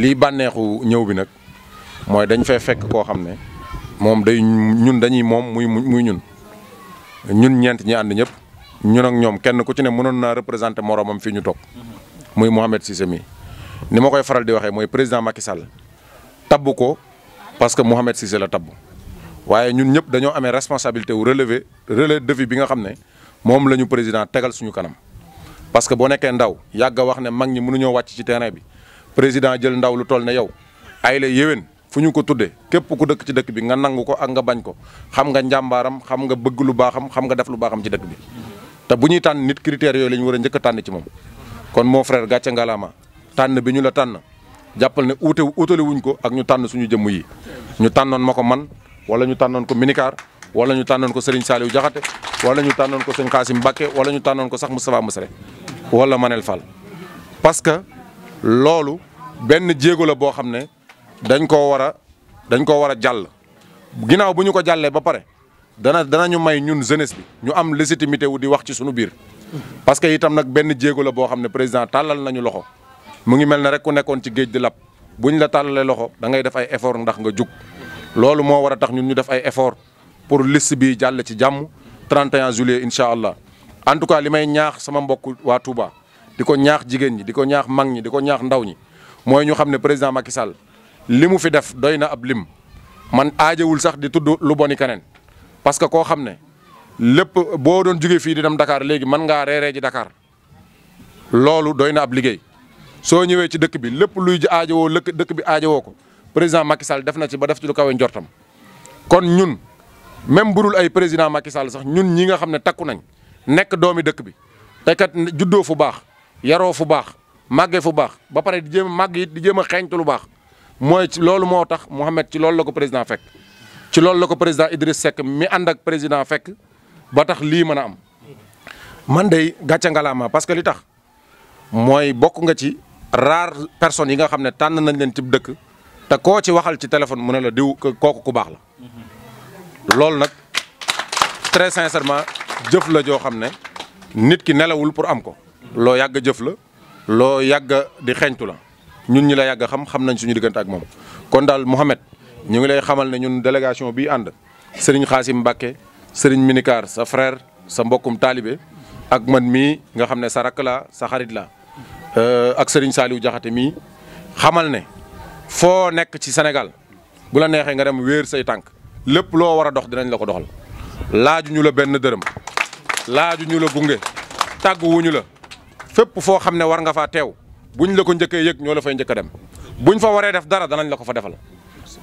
lii bànneexu ñëw bi nag mooy dañ fay fekk koo xam ne moom day ñun dañuy moom muy mu muy ñun ñun ñeent ñi ànd ñëpp ñun ñoom kenn ku ci ne mënoon naa représenter moroomam fii ñu toog muy Mouhamed Cissé mi ni ma koy faral di waxee mooy président Macky Sall tabbu ko parce que Mouhamed Cissé la tabbu waaye ñun ñëpp dañoo amee responsabilité wu relever relais défi bi nga xam ne moom la ñu président tegal suñu kanam parce que boo nekkee ndaw yàgg wax ne mag ñi mënuñoo wàcc ci terrain bi président jël ndaw lu toll ne yow ay la yéwén fu ñu ko tuddee képp ku dëkk ci dëkk bi nga nangu ko ak nga bañ ko xam nga njàmbaaram xam nga bëgg lu baaxam xam nga def lu baaxam ci dëkk bi te bu ñuy tànn nit critères yooyu lañu ñu war a njëkk a tànn ci moom kon moo frère gàcce ngalaama tànn bi ñu la tànn jàppal ne uute uutale ko ak ñu tànn suñu jëmm yi ñu tànnoon ma ko man wala ñu tànnoon ko minikaar wala ñu tànnoon ko Serigne Saliou jaxate wala ñu tànnoon ko sëñ Xaasim Mbàkke wala ñu tànnoon ko sax Moustapha Moussere wala Manel Fall loolu benn jéego la boo xam ne dañ ko war a dañ ko war a jàll ginnaaw bu ñu ko jàllee ba pare dana dana ñu may ñun jeunesse bi ñu am légitimité wu di wax ci sunu biir. parce que itam nag benn jéego la boo xam ne président tàllal nañu loxo mu ngi mel ne rek ku nekkoon ci géej di bu buñ la tàllalee loxo dangay def ay effort ndax nga jug loolu moo war a tax ñun ñu def ay effort pour list bi jàll ci jàmm 31 juillet incha allah en tout cas li may ñaax sama mbokk waa di ko ñaax jigéen ñi di ko ñaax mag ñi di ko ñaax ndaw ñi mooy ñu xam ne président Macky Sall li mu fi def doy na ab lim man aajawul sax di tudd lu boni keneen parce que koo xam ne lépp boo doon jógee fii di dem Dakar léegi mën ngaa reeree ji dakaar loolu doy na ab liggéey soo ñëwee ci dëkk bi lépp luy ji aajowoo lëkk dëkk bi aajowoo ko président Macky def na ci ba def ci lu kawe jortam kon ñun même burul ay président Macky Sall sax ñun ñi nga xam ne takku nañ nekk doomi dëkk bi te kat juddoo fu baax yaroo fu baax màggee fu baax ba pare di jéem a màgg it di jéem a xeeñtu lu baax mooy ci loolu moo tax Mouhamed ci loolu la ko président fekk. ci loolu la ko président idris sekk mi ànd ak président fekk ba tax lii mën a am man day gàcce ngalaama parce que li tax mooy bokk nga ci rare personnes yi nga xam ne tànn nañ leen ci dëkk te koo ci waxal ci téléphone mu ne la diw kooku ku baax la loolu nag très sincèrement jëf la joo xam ne nit ki nelawul pour am ko. loo yàgg jëf la loo yàgg di xeeñtu la ñun ñi la yàgg xam xam nañ suñu diggante ak moom. kon daal Mouhamed ñu ngi lay xamal ne ñun délégation bi ànd Serigne Xaasim Mbacke Serigne Minicar sa frère sa mbokkum taalibe ak man mii nga xam ne sa rakk laa sa xarit laa euh, ak Serigne Saliou jaxate mii xamal ne foo nekk ci senegal bu la neexee nga dem wéer say tànk lépp loo war a dox dinañ la ko doxal laaju ñu la benn dërëm laaju ñu la gunge tàgguwuñu la. fépp foo xam ne war nga faa teew buñ la ko njëkkee yëg ñoo la fay njëkk dem buñ fa waree def dara danañ la ko fa defal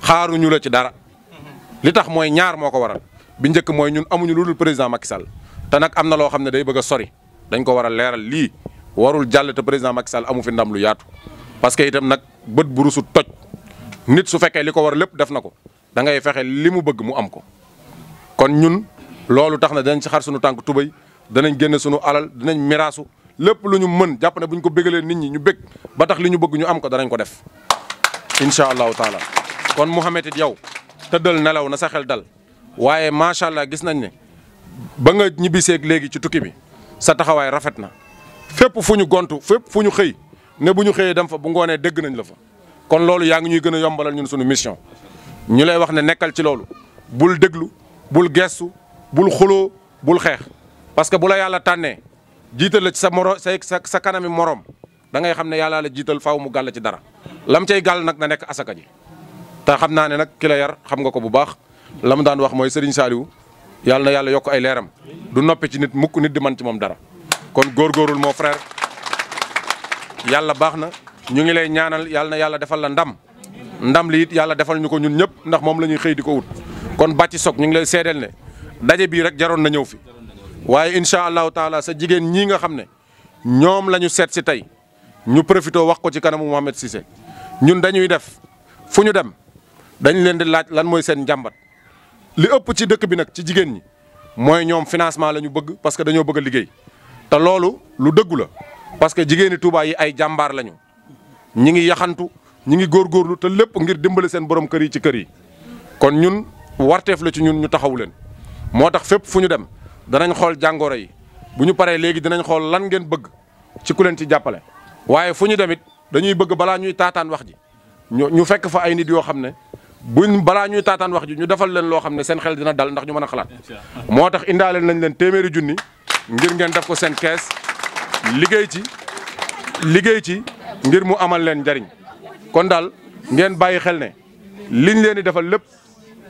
xaaruñu la ci dara li tax mooy ñaar moo ko waral bi njëkk mooy ñun amuñu lu dul président Macky Sall te nag am na loo xam ne day bëgg a sori dañ ko war a leeral lii warul jàll te président Macky Sall amu fi ndam lu yaatu parce que itam nag bët bu rusu toj nit su fekkee li ko war lépp def na ko da ngay fexe li mu bëgg mu am ko kon ñun loolu tax na danañ ci xar suñu tànk tubéy danañ génn suñu alal danañ miraasu lépp lu ñu mën jàpp bu ñu ko bégalee nit ñi ñu bég ba tax li ñu bëgg ñu am ko danañ ko def incha allahu taala kon Mouhamed it yow tëddal nelaw na sa xel dal waaye macha allah gis nañ ne ba nga ñibbiseeg léegi ci tukki bi sa taxawaay rafet na fépp fu ñu gontu fépp fu ñu xëy ne bu ñu xëyee dem fa bu ngoonee dégg nañ la fa kon loolu yaa ngi ñuy gën a yombalal ñun sunu mission ñu lay wax ne nekkal ci loolu bul déglu bul geestu bul xuloo bul xeex parce que bu la yàlla tànnee jiital la ci sa moro say sa sa kanami morom da ngay xam ne yàllaa la jiital faw mu gàll ci dara lam cay gàll nag na nekk asaka ji te xam naa ne nag kilo la yar xam nga ko bu baax la mu daan wax mooy Serigne Saliou yàlla yàlla yokk ay leeram du noppi ci nit mukk nit di man ci moom dara kon góorgóorul moo frère yàlla baax na ñu ngi lay ñaanal yàlla na yàlla defal la ndam ndam li it yàlla defal ñu ko ñun ñëpp ndax moom la ñuy xëy di ko wut kon bàcci sog ñu ngi lay seedeel ne daje rek jaroon na ñëw fi waaye incha allahu taala sa jigéen ñii nga xam ne ñoom la ñu seet si tey ñu profité wax ko ci kanamu Mouhamed Cissé ñun dañuy def fu ñu dem dañ leen di laaj lan mooy seen njàmbat li ëpp ci dëkk bi nag ci jigéen ñi mooy ñoom financement la ñu bëgg parce que dañoo bëgg a liggéey te loolu lu dëggu la parce que jigéeni Touba yi ay jàmbaar lañu ñi ngi yaxantu ñi ngi góor góorlu te lépp ngir dimbali seen borom kër yi ci kër yi kon ñun warteef la ci ñun ñu taxawu leen moo tax fépp fu ñu dem danañ xool jàngooro yi bu ñu paree léegi danañ xool lan ngeen bëgg ci ku leen ci jàppale waaye fu ñu demit dañuy bëgg balaa ñuy taataan wax ji ñu fekk fa ay nit yoo xam ne buñ balaa ñuy taataan wax ji ñu defal leen loo xam ne seen xel dina dal ndax ñu mën a xalaat moo tax indaale nañ leen téeméeri junni ngir ngeen def ko seen kees liggéey ci liggéey ci ngir mu amal leen njariñ kon daal ngeen bàyyi xel ne liñ leen di defal lépp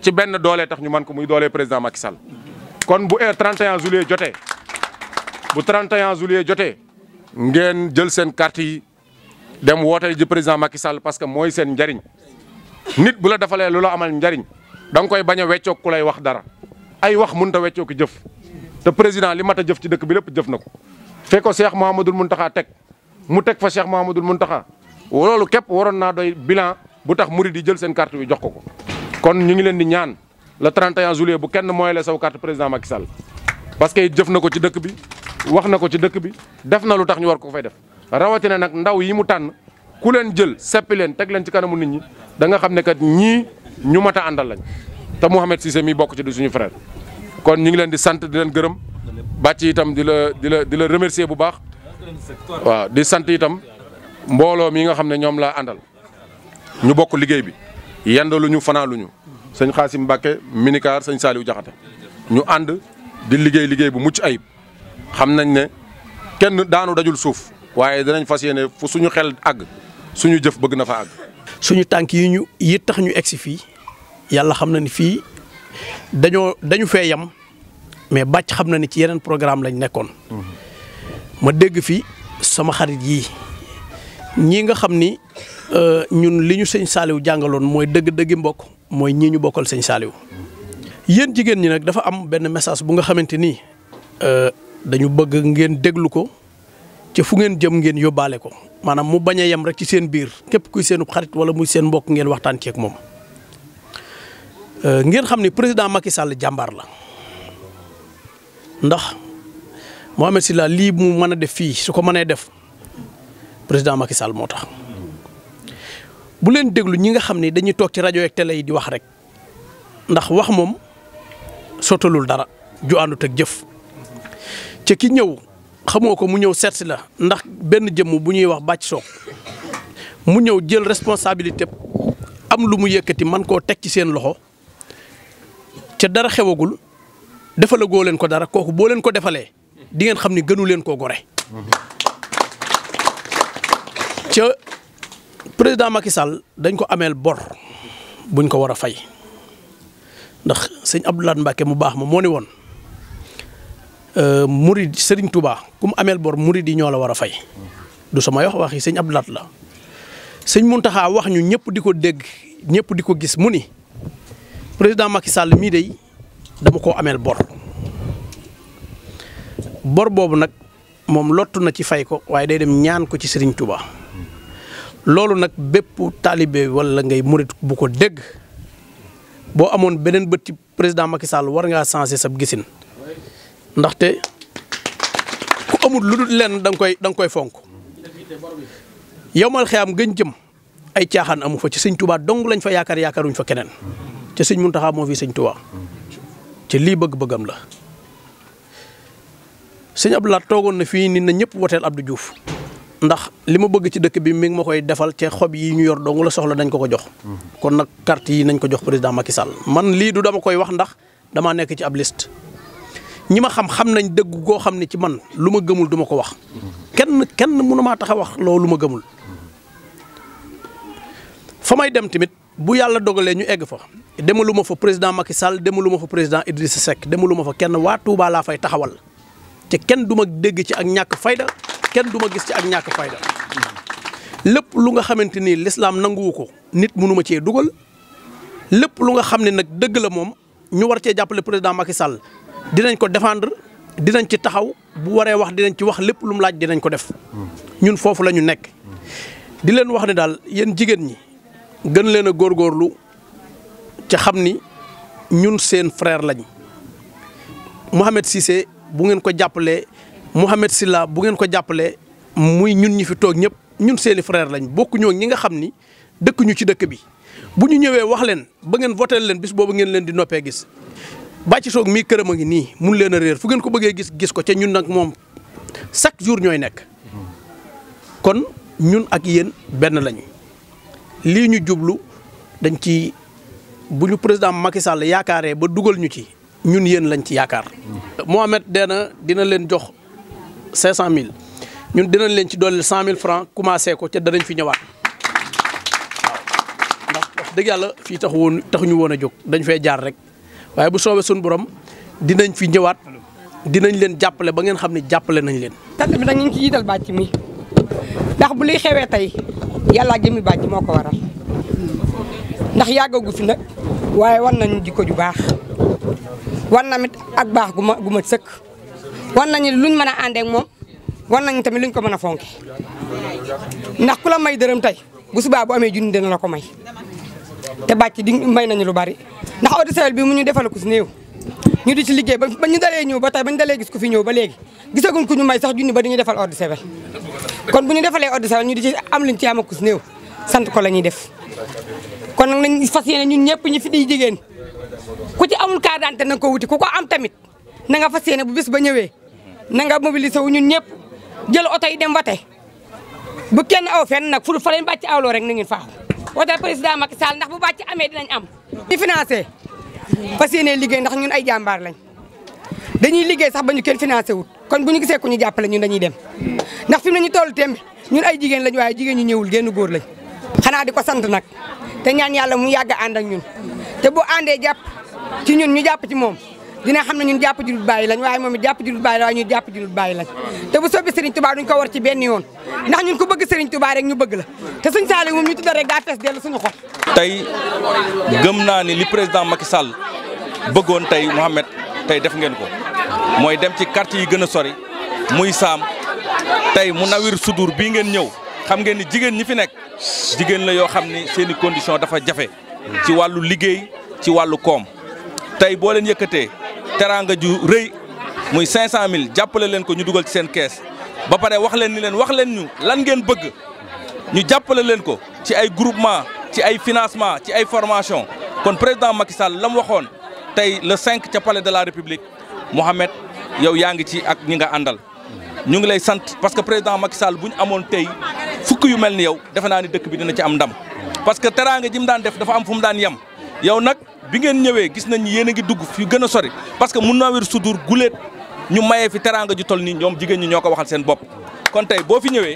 ci benn doolee tax ñu man ko muy doole président Macky Sall kon bu heure 31 juillet jotee bu 31 juillet jotee ngeen jël seen carte yi dem woote ji président Macky Sall parce que mooy seen njariñ nit bu la defalee lu la amal njariñ da koy bañ a weccoog ku lay wax dara ay wax mënut a weccoo jëf te président li mat a jëf ci dëkk bi lépp jëf na ko fekk ko Cheikh mun Mountakha teg mu teg fa Cheikh mun Mountakha loolu képp waroon naa doy bilan bu tax mu yi jël seen carte yi jox ko ko kon ñu ngi leen di ñaan. le 31 juillet bu kenn mooy la saw carte président Macky parce que it jëf na ko ci dëkk bi wax na ko ci dëkk bi def na lu tax ñu war ko fay def rawatina nag ndaw yi mu tànn ku leen jël seppi leen teg leen ci kanamu nit ñi danga xam ne kat ñii ñu mat a àndal lañ te Mouhamed Cissé mi bokk ci di suñu frère. kon ñu ngi leen di sant di leen gërëm bàcc itam di la di la di la remercier bu baax waaw di sant itam mbooloo mi nga xam ne ñoom laa àndal ñu bokk liggéey bi yendaluñu fanaaluñu sëñ Xaasim Mbàkke minikaar sëñ Saaliw Jaxate ñu ànd di liggéey liggéey bu mucc ayib xam nañ ne kenn daanu dajul suuf waaye danañ fas yéene fu suñu xel àgg suñu jëf bëgg na fa àgg. suñu tànk yi ñu yi tax ñu egg si fii yàlla xam na ni fii dañoo dañu fee yem mais bàcc xam na ni ci yeneen programme lañ nekkoon mhm. ma dégg fi sama xarit yii. ñii nga xam ni euh, ñun li ñu sëñ Saliou jàngaloon mooy dëgg-dëggi mbokk mooy ñii ñu bokkal sëñ Saliou yéen jigéen ñi nag dafa am benn message bu nga xamante ni euh, dañu bëgg ngeen déglu ko ci fu ngeen jëm ngeen yóbbaale ko maanaam mu bañ a yem rek ci seen biir képp kuy seenu xarit wala muy seen mbokk ngeen waxtaan ceeg moom. Euh, ngeen xam ni président Macky Sall jàmbaar la ndax Mohamed Sylla lii mu mën a def fii su ko mënee def. président Macky Sall moo tax bu leen déglu ñi nga xam ne dañuy toog ci rajo yeeg télé di wax rek ndax wax moom sottalul dara ju àndut ak jëf ca ki ñëw xamoo ko mu ñëw seet si la ndax benn jëmm bu ñuy wax bàcc soog mu ñëw jël responsabilité am lu mu yëkkati man koo teg ci seen loxo ca dara xewagul defalagoo leen ko dara kooku boo leen ko defalee di ngeen xam ni gënu leen koo gore ca président Macky Sall dañ ko ameel bor buñ ko war a fay ndax sëñ Abdoulaye Mbacke mu baax ma moo ne woon euh, murid sëriñ Touba ku mu ameel bor murid yi ñoo la war a fay du sama wax waxi sëñ Abdoulaye la sëñ Mountakha wax ñu ñëpp di ko dégg ñëpp di ko gis mu ni président Macky Sall mii de dama koo ameel bor boobu nag moom lottu na ci fay ko waaye day dem ñaan ko ci Serigne Touba. loolu nag bépp taalibe wala ngay murit bu ko dégg boo amoon beneen bët président Macky Sall war ngaa changé sab gisin ndaxte ku amul lu dul lenn da koy da koy fonk yow mal xeyaam gën jëm ay caaxaan amu fa ci sëñ Touba dong lañ fa yaakaar yaakaaruñ fa keneen ci sëñ Mountakha moo fi sëñ Touba ci lii bëgg-bëggam la sëñ Abdoulaye toogoon na fii ni na ñëpp woteel Abdou Diouf ndax li ma bëgg ci dëkk bi mi ngi ma koy defal ci xob yi ñu yor dong la soxla dañ ko ko jox. kon nag kart yi nañ ko jox président Macky Sall man lii du dama koy wax ndax damaa nekk ci ab liste. ñi ma xam xam nañ dëgg goo xam ne ci man lu ma gëmul duma ko wax kenn kenn mënu maa tax a wax loolu ma gëmul fa may dem tamit bu yàlla dogalee ñu egg fa demaluma fa président Macky Sall demalu ma fa président Idrissa Seck demalu ma fa kenn waa Touba laa fay taxawal te kenn du ma dégg ci ak ñàkk fayda kenn du ma gis ci ak ñàkk fayda lépp lu nga xamante ni lislaam nanguwu ko nit mënuma cee dugal lépp lu nga xam ne nag dëgg la moom ñu war cee jàppale président Macky Sall dinañ ko défendre dinañ ci taxaw bu waree wax dinañ ci wax lépp lum mu laaj dinañ ko def ñun foofu lañu nekk di leen wax ne daal yéen jigéen ñi gën leen a góorgóorlu ci xam ni ñun seen frère lañ Mouhamed Cissé bu ngeen ko jàppalee Mouhamed Sylla bu ngeen ko jàppalee muy ñun ñi fi toog ñëpp ñun seeni frère lañ bokku ñoo ñi nga xam ni dëkk ñu ci dëkk bi bu ñu ñëwee wax leen ba ngeen voté leen bis boobu ngeen leen di noppee gis bàcci soog mii këram a ngi nii mun leen a réer fu ngeen ko bëggee gis gis ko ca ñun nag moom chaque jour ñooy nekk kon ñun ak yéen benn lañu lii ñu jublu dañ ci bu ñu président Macky Sall yaakaaree ba dugal ñu ci ñun yéen lañ ci yaakaar. Mohamed dee na dina leen jox. cinq cent mille ñun dinañ leen ci dooleel cent mille francs commencé ko ca danañ fi ñëwaat waaw dëgg yàlla fii tax woon tax ñu woon a jóg dañ fay jaar rek waaye bu soobee suñ borom dinañ fi ñëwaat dinañ leen jàppale ba ngeen xam ne jàppale nañ leen. sant bi nag ñu ci jiital bàcc mi ndax bu liy xewee tey yàllaa jëmi bàcc moo ko waral ndax yàggagu fi nag waaye war nañ jikko ju baax war namit ak baax gu ma gu ma sëkk. wan nañu luñ mën a àndeek moom wan nañu tamit luñ ko mën a fonke ndax ku la may dërëm tey bu subaa bu amee junni dina la ko may te bàcc di may nañu lu bari ndax auditeurs bi mu ñu defal ko si néew ñu di ci liggéey ba ñu dalee ñëw ba tey ba ñu gis ku fi ñëw ba léegi gisaguñ ku ñu may sax junni ba di ñu defal ordre kon bu ñu defalee ordre ñu di ci am luñ ci am ak ku si néew sant ko la ñuy def kon nag nañ fas yéene ñun ñëpp ñi fi di jigéen ku ci amul carte d'identité na ko wuti ku ko am tamit na nga fas yéene bu bis ba ñëwee nanga nga mobilisé wu ñun ñëpp jël oto yi dem voté bu kenn aw fen nag fu fa leen bàcc awloo rek na ngeen faaxu wote président Macky saal ndax bu bàcc amee dinañ am. di financé fas yéene liggéey ndax ñun ay jàmbaar lañ dañuy liggéey sax ba ñu kenn financé kon bu ñu gisee ku ñu jàppale ñun dañuy dem ndax fi mu ñu toll temb ñun ay jigéen lañ waaye jigéen ñu ñëwul génn góor lañ xanaa di ko sant nag te ñaan yàlla mu yàgg ànd ak ñun te bu àndee jàpp ci ñun ñu jàpp ci moom. dina xam ne ñun jàpp julut bàyyi lañ waaye moom it jàpp julut bàyyi la waaye ñun jàpp julut bàyyi lañ te bu soobee Serigne Touba duñ ko war ci benn yoon ndax ñun ko bëgg Serigne Touba rek ñu bëgg la te suñ saali moom ñu tudda rek daa fees dellu suñu xol tey gëm naa ni li président Macky Sall bëggoon tey Mouhamed tey def ngeen ko mooy dem ci quartier yi gën a sori muy saam tey mu nawir sudur bii ngeen ñëw xam ngeen ni jigéen ñi fi nekk jigéen la yoo xam ni seeni i condition dafa jafe ci wàllu liggéey ci wàllu koom tey boo leen yëkkatee teraanga ju rëy muy 500000 jàppale leen ko ñu dugal ci seen kees ba pare wax leen ni leen wax leen ñu lan ngeen bëgg ñu jàppale leen ko ci ay groupement ci ay financement ci ay formation kon président Macky Sall la mu waxoon tey le cinq ca pale de la république Mohamed yow yaa ngi ci ak ñi nga àndal. ñu ngi lay sant parce que président Macky Sall bu ñu amoon tey fukk yu mel ni yow defe naa ni dëkk bi dina ci am ndam parce que teraanga ji mu daan def dafa am fu mu daan yem. yow nag bi ngeen ñëwee gis nañ yéen a ngi dugg fi gën a sori parce que mun naa wér sudur guléet ñu mayee fi teraanga ji toll nii ñoom jigéen ñi ñoo ko waxal seen bopp kon tey boo fi ñëwee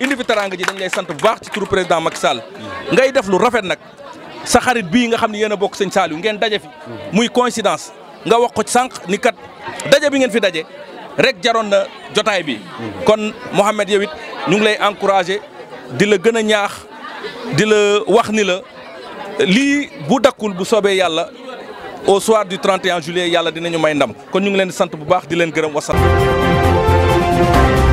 indi fi teraanga ji dañ lay sant bu baax ci turu président Macky Sall ngay def lu rafet nag sa xarit bii nga xam ni yéen a bokk sëñ Saliou ngeen daje fi muy coïncidence nga wax ko sànq ni kat daje bi ngeen fi daje rek jaroon na jotaay bi kon Mouhamed yow ñu ngi lay encouragé di la gën a ñaax di la wax ni la lii bu dakkul bu soobee yàlla au soir du 31 juillet yàlla dinañu may ndam kon ñu ngi leen sant bu baax di leen gërëm wasalaam.